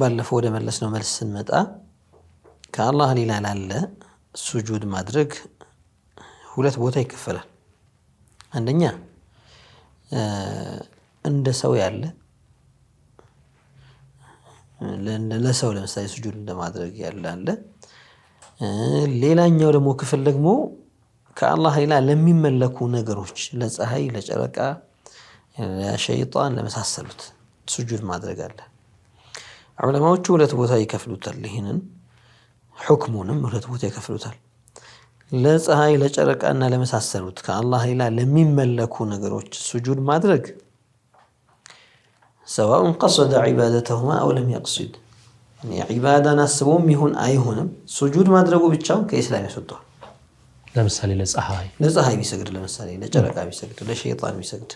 ባለፈው ወደ መለስ ነው መልስ ስንመጣ ከአላህ ሌላ ላለ ሱጁድ ማድረግ ሁለት ቦታ ይከፈላል። አንደኛ እንደ ሰው ያለ ለሰው ለምሳሌ ሱጁድ እንደማድረግ ያለ አለ። ሌላኛው ደግሞ ክፍል ደግሞ ከአላህ ሌላ ለሚመለኩ ነገሮች ለፀሐይ፣ ለጨረቃ፣ ለሸይጣን ለመሳሰሉት ሱጁድ ማድረግ አለ። ዑለማዎቹ ሁለት ቦታ ይከፍሉታል። ይህንን ሑክሙንም ሁለት ቦታ ይከፍሉታል። ለፀሐይ ለጨረቃና ለመሳሰሉት ከአላህ ሌላ ለሚመለኩ ነገሮች ስጁድ ማድረግ ሰዋኡን ቀሰደ ዒባደተሁማ አው ለም የቅሲድ ዒባዳን አስቦም ይሁን አይሆንም ሱጁድ ማድረጉ ብቻውን ከኢስላም ያስወጣዋል። ለምሳሌ ለፀሐይ ለፀሐይ ቢሰግድ፣ ለምሳሌ ለጨረቃ ቢሰግድ፣ ለሸይጣን ቢሰግድ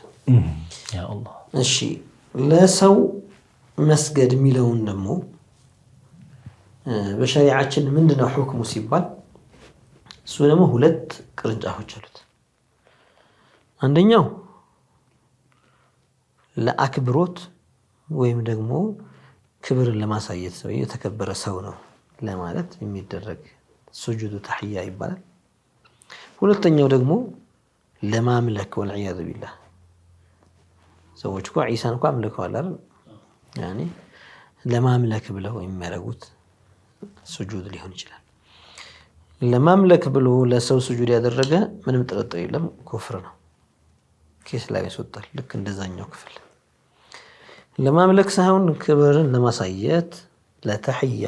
እሺ ለሰው መስገድ የሚለውን ደግሞ በሸሪዓችን ምንድነው ሁክሙ ሲባል እሱ ደግሞ ሁለት ቅርንጫፎች አሉት። አንደኛው ለአክብሮት ወይም ደግሞ ክብርን ለማሳየት ሰው የተከበረ ሰው ነው ለማለት የሚደረግ ሱጁዱ ተሕያ ይባላል። ሁለተኛው ደግሞ ለማምለክ ወልዕያዙ ቢላህ ሰዎች እኮ ዒሳን እኮ አምልከዋል አይደል? ያኔ ለማምለክ ብለው የሚያደርጉት ስጁድ ሊሆን ይችላል። ለማምለክ ብሎ ለሰው ስጁድ ያደረገ ምንም ጥርጥር የለም ኩፍር ነው፣ ከኢስላም ያስወጣል። ልክ እንደዛኛው ክፍል ለማምለክ ሳይሆን ክብርን ለማሳየት ለተሕያ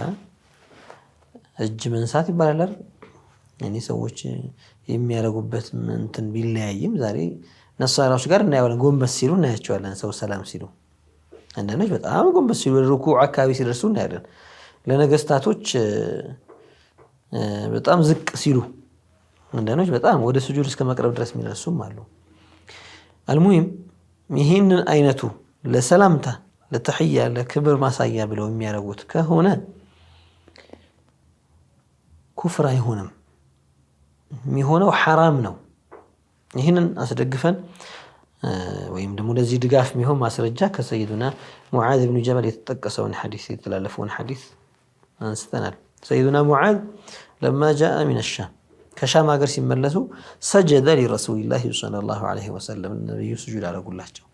እጅ መንሳት ይባላል። እኔ ሰዎች የሚያደርጉበት እንትን ቢለያይም ዛሬ ነሳራዎች ጋር እናየዋለን። ጎንበስ ሲሉ እናያቸዋለን፣ ሰው ሰላም ሲሉ አንዳንዶች በጣም ጎንበስ ሲሉ ሩኩዕ አካባቢ ሲደርሱ እናያለን። ለነገስታቶች በጣም ዝቅ ሲሉ፣ አንዳንዶች በጣም ወደ ስጁድ እስከ መቅረብ ድረስ የሚደርሱም አሉ። አልሙሂም ይህንን አይነቱ ለሰላምታ ለተሕያ ለክብር ማሳያ ብለው የሚያደርጉት ከሆነ ኩፍር አይሆንም፣ የሚሆነው ሐራም ነው። ይህንን አስደግፈን ወይም ደግሞ ለዚህ ድጋፍ የሚሆን ማስረጃ ከሰይዱና ሙዓዝ ብኑ ጀበል የተጠቀሰውን ሐዲስ የተላለፈውን ሐዲስ አንስተናል። ሰይዱና ሙዓዝ ለማ ጃአ ሚነ ሻም ከሻም ሀገር ሲመለሱ ሰጀደ ሊረሱሊላህ ሰለላሁ ዐለይሂ ወሰለም ነቢዩ ስጁድ አደረጉላቸው።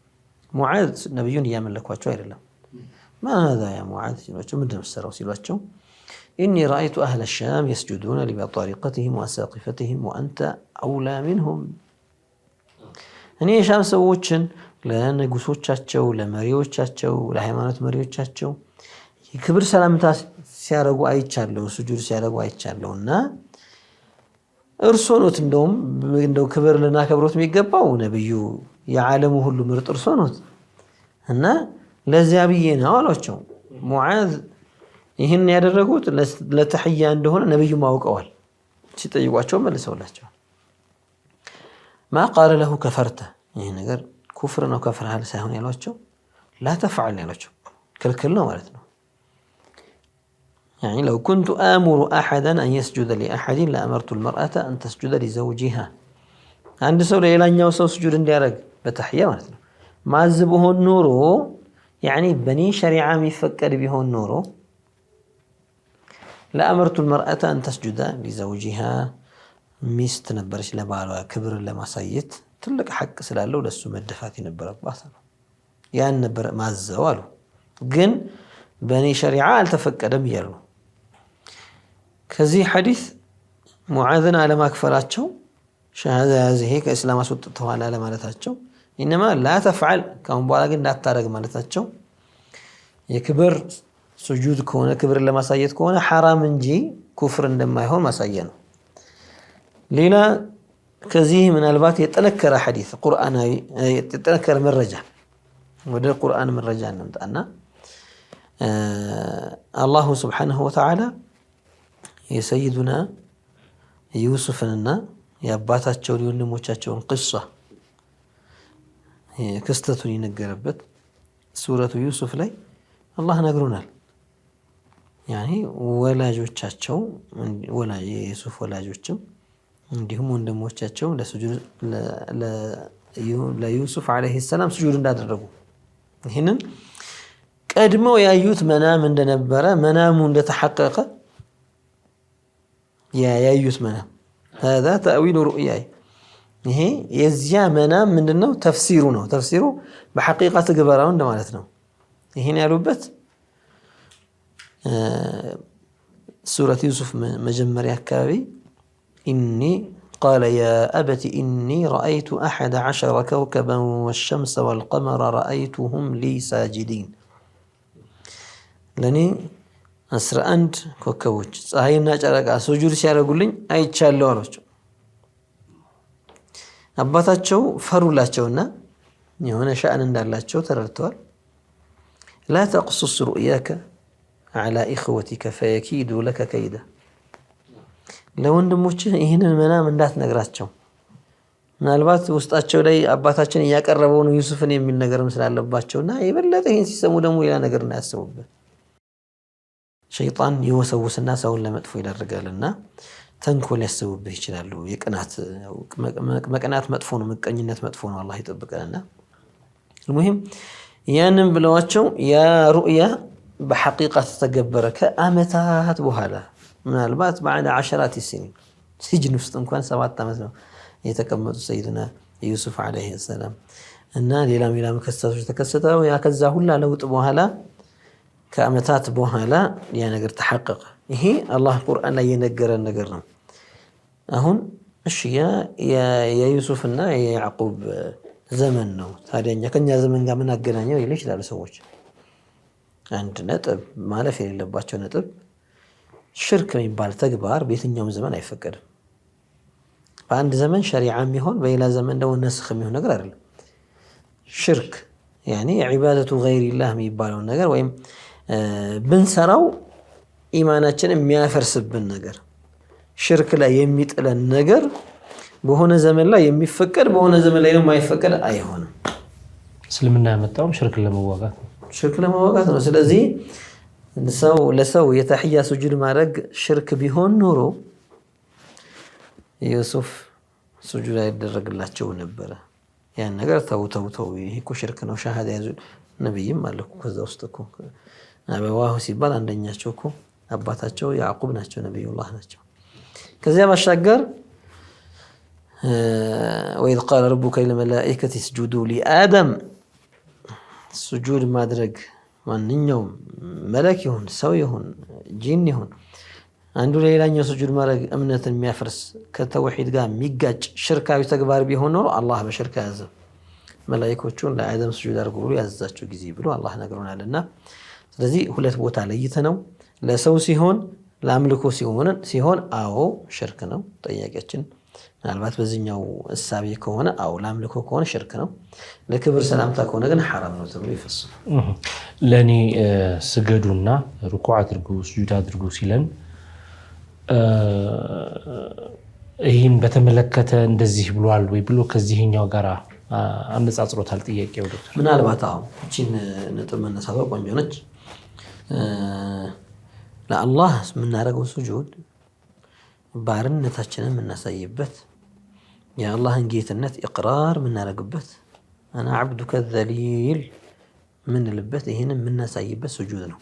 ሙዓዝ ነቢዩን እያመለኳቸው አይደለም። ማዛ ያ ሙዓዝ ሲሏቸው ምንድን ነው የምትሰራው ሲሏቸው ኢኒ ረአይቱ አህለ ሻም የስጁዱነ ሊበጣሪቀትህም ወአሳቂፈትህም ወአንተ አውላ ሚንሁም እኔ የሻም ሰዎችን ለንጉሶቻቸው፣ ለመሪዎቻቸው፣ ለሃይማኖት መሪዎቻቸው የክብር ሰላምታ ሲያደረጉ አይቻለሁ፣ ስጁድ ሲያደረጉ አይቻለሁ። እና እርሶ ኖት እንደውም እንደው ክብር ልናከብሮት የሚገባው ነብዩ የዓለሙ ሁሉ ምርጥ እርሶ ኖት እና ለዚያ ብዬ ነው አሏቸው። ሙዓዝ ይህን ያደረጉት ለተሕያ እንደሆነ ነብዩም አውቀዋል ሲጠይቋቸው መልሰውላቸው ማቃለ ለሁ ከፈርተ ይህ ነገር ኩፍር ነው ከፍርሃል ሳይሆን ያሏቸው ላተፍዓል ያሏቸው ክልክል ነው ማለት ነው። ለው ኩንቱ አእሙሩ አሐደን አን የስጁደ ሊአሐዲን ለአመርቱ ልመርአተ አን ተስጁደ ሊዘውጂሃ አንድ ሰው ለሌላኛው ሰው ስጁድ እንዲያደርግ በተሕያ ማለት ነው ማዝ ብሆን ኖሮ ያኒ በኔ ሸሪዓ የሚፈቀድ ቢሆን ኖሮ ለአመርቱ ልመርአተ አን ተስጁደ ሊዘውጂሃ ሚስት ነበረች ለባሏ ክብርን ለማሳየት ትልቅ ሐቅ ስላለው ለሱ መደፋት የነበረባት ነው። ያን ነበር ማዘው አሉ። ግን በእኔ ሸሪዓ አልተፈቀደም እያሉ ነው። ከዚህ ሐዲስ ሙዓዝን አለማክፈላቸው ሸሃዳ ያዝ ይሄ ከእስላም አስወጥተዋል አለማለታቸው፣ ኢነማ ላተፍዓል ካሁን በኋላ ግን እንዳታረግ ማለታቸው የክብር ስጁድ ከሆነ ክብርን ለማሳየት ከሆነ ሐራም እንጂ ኩፍር እንደማይሆን ማሳየ ነው። ሌላ ከዚህ ምናልባት የጠነከረ ሐዲስ ቁርአናዊ የጠነከረ መረጃ ወደ ቁርአን መረጃ እንምጣና አላሁ ስብሓነሁ ወተዓላ የሰይዱና ዩሱፍንና የአባታቸውን የወንድሞቻቸውን ቅሷ ክስተቱን የነገረበት ሱረቱ ዩሱፍ ላይ አላህ ነግሮናል። ያኔ ወላጆቻቸው የዩሱፍ ወላጆችም እንዲሁም ወንድሞቻቸው ለዩሱፍ ዓለይሂ ሰላም ስጁድ እንዳደረጉ ይህንን ቀድመው ያዩት መናም እንደነበረ መናሙ እንደተሐቀቀ ያዩት መናም ሀዛ ተእዊሉ ሩእያ ይሄ የዚያ መናም ምንድነው ተፍሲሩ ነው። ተፍሲሩ በሐቂቃ ትግበራው እንደማለት ነው። ይህን ያሉበት ሱረት ዩሱፍ መጀመሪያ አካባቢ إني قال يا أبت إني رأيت أحد عشر كوكبا والشمس والقمر رأيتهم لي ساجدين لني أسر أنت كوكوج صحيح الناج أرقى سجور سيارة قلن أي تشال لورو أباتا تشو فرو لا تشونا يهونا شأن اندار لا تشو ترتوال لا تقصص رؤياك على إخوتك فيكيدوا لك كيداً ለወንድሞችህ ይህንን መናም እንዳትነግራቸው ምናልባት ውስጣቸው ላይ አባታችን እያቀረበው ነው ዩሱፍን የሚል ነገርም ስላለባቸው እና የበለጠ ይህን ሲሰሙ ደግሞ ሌላ ነገር እናያስቡበት። ሸይጣን የወሰውስና ሰውን ለመጥፎ ይዳርጋል እና ተንኮል ሊያስቡብህ ይችላሉ። የቅናት መቅናት መጥፎ ነው፣ ምቀኝነት መጥፎ ነው። አላህ ይጠብቀንና ሙሂም ያንን ብለዋቸው ያ ሩእያ በሐቂቃ ተተገበረ ከአመታት በኋላ ምናልባት ባዕደ ዓሸራት ሲኒን ሲጅን ውስጥ እንኳን ሰባት ዓመት ነው የተቀመጡ ሰይድና ዩሱፍ ዓለይሂ ሰላም እና ሌላ ሌላ መከሰቶች ተከሰተው ያ ከዛ ሁላ ለውጥ በኋላ ከአመታት በኋላ ያ ነገር ተሐቀቀ። ይሄ አላህ ቁርአን ላይ የነገረን ነገር ነው። አሁን እሺ የዩሱፍና የያዕቁብ ዘመን ነው። ታዲያ ከኛ ዘመን ጋር ምን አገናኘው ይሉ ይችላሉ ሰዎች። አንድ ነጥብ ማለፍ የሌለባቸው ነጥብ ሽርክ የሚባል ተግባር በየትኛውም ዘመን አይፈቀድም። በአንድ ዘመን ሸሪዓ የሚሆን በሌላ ዘመን ደግሞ ነስክ የሚሆን ነገር አይደለም። ሽርክ ያኔ ዒባደቱ ገይሪላህ የሚባለውን ነገር ወይም ብንሰራው ኢማናችን የሚያፈርስብን ነገር፣ ሽርክ ላይ የሚጥለን ነገር በሆነ ዘመን ላይ የሚፈቀድ በሆነ ዘመን ላይ ደግሞ የማይፈቀድ አይሆንም። እስልምና ያመጣውም ሽርክ ለመዋጋት ነው። ሽርክ ለመዋጋት ነው። ስለዚህ ሰው ለሰው የተሕያ ስጁድ ማድረግ ሽርክ ቢሆን ኖሮ ዩሱፍ ስጁድ አይደረግላቸው ነበረ። ያን ነገር ተው ተው ተው፣ ይሄ እኮ ሽርክ ነው። ሻሃዳ ያዙ። ነቢይም አለ እኮ ከዛ ውስጥ እኮ አበዋሁ ሲባል አንደኛቸው እኮ አባታቸው ያዕቁብ ናቸው፣ ነቢዩላህ ናቸው። ከዚያ ባሻገር ወኢዝ ቃለ ረቡከ ሊልመላኢከቲ ስጁዱ ሊአደም ስጁድ ማድረግ ማንኛውም መለክ ይሁን ሰው ይሁን ጂን ይሁን አንዱ ለሌላኛው ስጁድ ማድረግ እምነትን የሚያፈርስ ከተውሒድ ጋር የሚጋጭ ሽርካዊ ተግባር ቢሆን ኖሮ አላህ በሽርክ ያዘ መላይኮቹን ለአደም ስጁድ አድርጉ ብሎ ያዘዛቸው ጊዜ ብሎ አላህ ነግሮናል። እና ስለዚህ ሁለት ቦታ ለይተ ነው ለሰው ሲሆን ለአምልኮ ሲሆን አዎ ሽርክ ነው። ጥያቄያችን ምናልባት በዚህኛው እሳቤ ከሆነ አው ለአምልኮ ከሆነ ሽርክ ነው። ለክብር ሰላምታ ከሆነ ግን ሐራም ነው ተብሎ ይፈስሉ። ለእኔ ስገዱና ርኩ አድርጉ ስጁድ አድርጉ ሲለን ይህን በተመለከተ እንደዚህ ብሏል ወይ ብሎ ከዚህኛው ጋር አነጻጽሮታል። ጥያቄው ዶክተር ምናልባት አሁ እቺን ነጥብ መነሳቷ ቆንጆ ነች። ለአላህ የምናደርገው ስጁድ ባርነታችንን የምናሳይበት የአላህን ጌትነት እቅራር የምናደርግበት አና አብዱከ ዘሊል ምንልበት ይህንን የምናሳይበት ስጁድ ነው።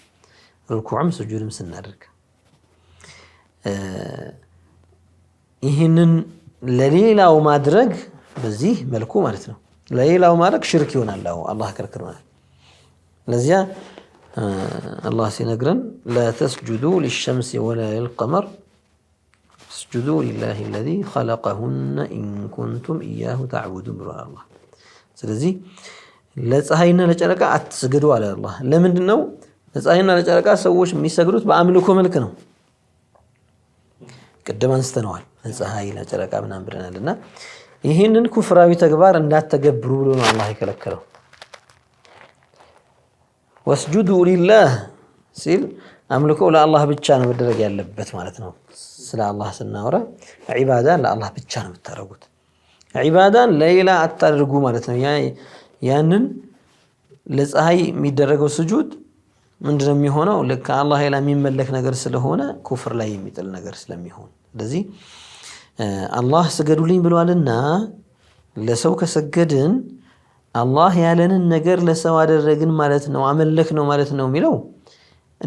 ርኩዕም ስጁድም ስናደርግ ይህንን ለሌላው ማድረግ በዚህ መልኩ ማለት ነው። ለሌላው ማድረግ ሽርክ ይሆናል። አላህ ከልክሎናል። ለዚያ አላህ ሲነግረን ላ ተስጁዱ ሊሸምሲ ወላ ልቀመር እስጁዱ ሊላሂ ለዚ ኸለቀሁነ ኢንኩንቱም እያሁ ተዕቡዱን ብሏል አላህ። ስለዚህ ለፀሐይና ለጨረቃ አትስገዱ አለ አላህ። ለምንድን ነው ለፀሐይና ለጨረቃ ሰዎች የሚሰግዱት? በአምልኮ መልክ ነው። ቅድም አንስተነዋል ለፀሐይ ለጨረቃ ምናምን ብለናል። እና ይህንን ኩፍራዊ ተግባር እንዳትተገብሩ ብሎ ነው አላህ የከለከለው። ወስጁዱ ሊላህ ሲል አምልኮ ለአላህ ብቻ ነው መደረግ ያለበት ማለት ነው። ስለ አላህ ስናወራ ዒባዳን ለአላህ ብቻ ነው የምታደርጉት። ዒባዳን ለሌላ አታደርጉ ማለት ነው። ያንን ለፀሐይ የሚደረገው ስጁድ ምንድነው የሚሆነው? ከአላህ ሌላ የሚመለክ ነገር ስለሆነ ኩፍር ላይ የሚጥል ነገር ስለሚሆን፣ ስለዚህ አላህ ስገዱልኝ ብሏልና ለሰው ከሰገድን አላህ ያለንን ነገር ለሰው አደረግን ማለት ነው፣ አመለክ ነው ማለት ነው የሚለው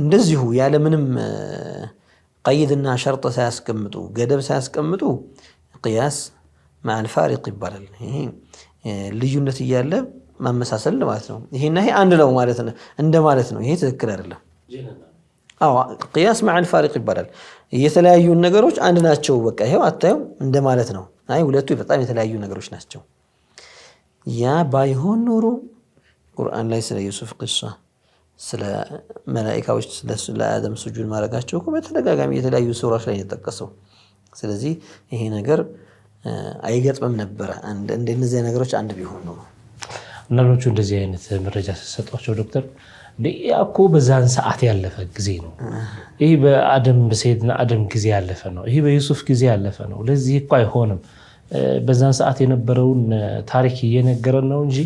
እንደዚሁ ያለ ምንም ። ቀይድና ሸርጥ ሳያስቀምጡ ገደብ ሳያስቀምጡ ቅያስ ማልፋሪቅ ይባላል። ይሄ ልዩነት እያለ ማመሳሰል ማለት ነው። ይሄና ይሄ አንድ ነው ማለት ነው እንደ ማለት ነው። ይሄ ትክክል አይደለም። አዎ ቅያስ ማልፋሪቅ ይባላል። የተለያዩ ነገሮች አንድ ናቸው፣ በቃ ይሄው አታየው እንደ ማለት ነው። አይ ሁለቱ በጣም የተለያዩ ነገሮች ናቸው። ያ ባይሆን ኖሮ ቁርአን ላይ ስለ ዩሱፍ ቅሷ ስለ መላኢካዎች ስለ አደም ስጁድ ማድረጋቸው በተደጋጋሚ የተለያዩ ሱራዎች ላይ የጠቀሰው። ስለዚህ ይሄ ነገር አይገጥምም ነበረ እንደነዚያ ነገሮች አንድ ቢሆን ነው። አንዳንዶቹ እንደዚህ አይነት መረጃ ሲሰጧቸው ዶክተር ያ እኮ በዛን ሰዓት ያለፈ ጊዜ ነው፣ ይህ በአደም በሰይድና አደም ጊዜ ያለፈ ነው፣ ይህ በዩሱፍ ጊዜ ያለፈ ነው፣ ለዚህ እኮ አይሆንም። በዛን ሰዓት የነበረውን ታሪክ እየነገረን ነው እንጂ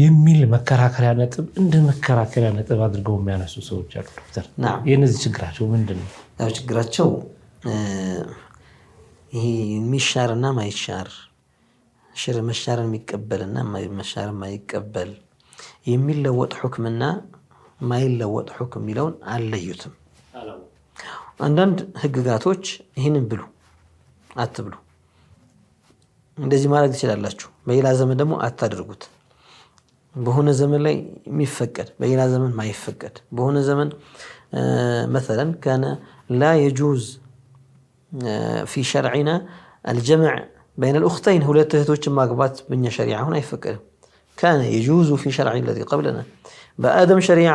የሚል መከራከሪያ ነጥብ እንደ መከራከሪያ ነጥብ አድርገው የሚያነሱ ሰዎች አሉ። ዶክተር የእነዚህ ችግራቸው ምንድን ነው? ያው ችግራቸው ይሄ የሚሻርና ማይሻር የሚቀበል የሚቀበልና መሻር ማይቀበል የሚለወጥ ሑክምና ማይለወጥ ሑክም የሚለውን አልለዩትም። አንዳንድ ህግጋቶች ይህንን ብሉ አትብሉ እንደዚህ ማድረግ ትችላላችሁ፣ በሌላ ዘመን ደግሞ አታድርጉት በሆነ ዘመን ላይ የሚፈቀድ በሌላ ዘመን ማይፈቀድ በሆነ ዘመን መተለን ካነ ላ የጁዝ ፊ ሸርዒና አልጀምዕ በይነ ልኡክተይን ሁለት እህቶችን ማግባት በኛ ሸሪዓ አሁን አይፈቀድም። ካነ የጁዙ ፊ ሸርዕ ለዚ ቀብለና በአደም ሸሪዓ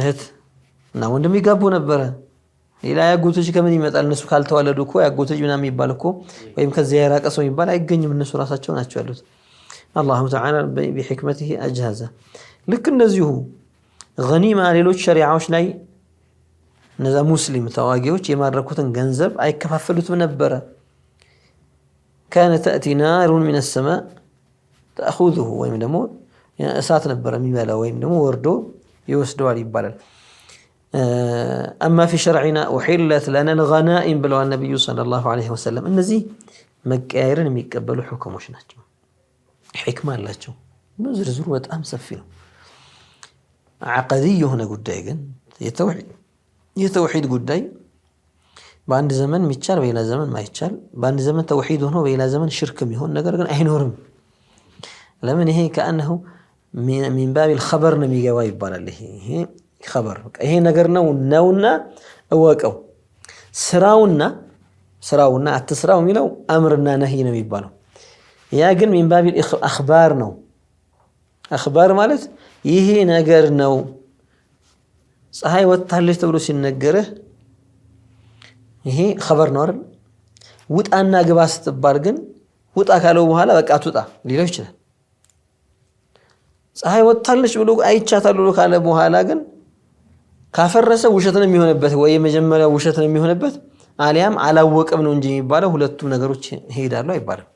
እህት እና ወንድም ይጋቡ ነበረ። ሌላ ያጎቶች ከምን ይመጣል? እነሱ ካልተዋለዱ እኮ ያጎቶች ምናምን የሚባል እኮ ወይም ከዚያ የራቀ ሰው የሚባል አይገኝም። እነሱ ራሳቸው ናቸው ያሉት። አላሁ ተዓላ ቢሕክመትህ አጅሃዘ። ልክ እንደዚሁ ገኒማ ሌሎች ሸሪዓዎች ላይ እነዛ ሙስሊም ተዋጊዎች የማድረኩትን ገንዘብ አይከፋፈሉትም ነበረ። ካነ ተእቲ ናሩን ሚነ ሰማእ ተእኹዙሁ ወይም ደግሞ እሳት ነበረ የሚበላ ወይም ደግሞ ወርዶ ይወስደዋል ይባላል። አማ ፊ ሸርዕና ኡሒለት ለና ልገናኢም ብለዋል ነቢዩ ሰለላሁ ዐለይሂ ወሰለም። እነዚህ መቀያየርን የሚቀበሉ ሑክሞች ናቸው። ሕክማ አላቸው። ዝርዝሩ በጣም ሰፊ ነው። ዓቀድይ የሆነ ጉዳይ ግን የተውሒድ ጉዳይ በአንድ ዘመን የሚቻል በሌላ ዘመን ማይቻል፣ በአንድ ዘመን ተውሒድ ሆኖ በሌላ ዘመን ሽርክ የሚሆን ነገር ግን አይኖርም። ለምን? ይሄ ከአነሁ ሚንባቢል ኸበር ነው የሚገባ ይባላል። ይሄ ይሄ ነገር ነው ነውና እወቀው። ስራውና ስራውና አትስራው የሚለው አምርና ነህይ ነው የሚባለው ያ ግን ሚንባቢል አኽባር ነው። አኽባር ማለት ይሄ ነገር ነው። ፀሐይ ወጥታለች ተብሎ ሲነገርህ ይሄ ኸበር ነው አይደል? ውጣና ግባ ስትባል ግን ውጣ ካለው በኋላ በቃ አትውጣ ሊለው ይችላል። ፀሐይ ወጥታለች ብሎ አይቻታል ብሎ ካለ በኋላ ግን ካፈረሰ ውሸት ነው የሚሆንበት፣ ወይ የመጀመሪያው ውሸት ነው የሚሆንበት፣ አሊያም አላወቅም ነው እንጂ የሚባለው ሁለቱም ነገሮች ይሄዳሉ አይባልም።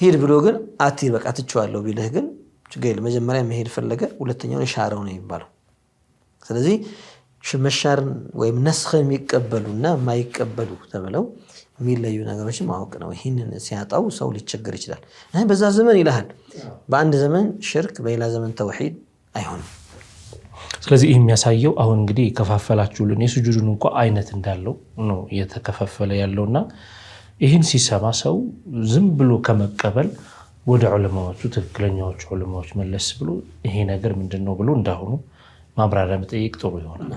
ሂድ ብሎ ግን አትሂድ በቃ ትችዋለሁ ቢልህ ግን ችግር መጀመሪያ መሄድ ፈለገ፣ ሁለተኛውን የሻረው ነው የሚባለው። ስለዚህ መሻርን ወይም ነስኸን የሚቀበሉና የማይቀበሉ ተብለው የሚለዩ ነገሮችን ማወቅ ነው። ይህንን ሲያጣው ሰው ሊቸገር ይችላል። በዛ ዘመን ይልሃል፣ በአንድ ዘመን ሽርክ፣ በሌላ ዘመን ተውሒድ አይሆንም። ስለዚህ ይህ የሚያሳየው አሁን እንግዲህ የከፋፈላችሁልን የስጁዱን እንኳ አይነት እንዳለው ነው እየተከፋፈለ ያለውና ይህን ሲሰማ ሰው ዝም ብሎ ከመቀበል ወደ ዑለማዎቹ ትክክለኛዎቹ ዑለማዎች መለስ ብሎ ይሄ ነገር ምንድን ነው ብሎ እንዳሁኑ ማብራሪያ መጠየቅ ጥሩ ይሆናል።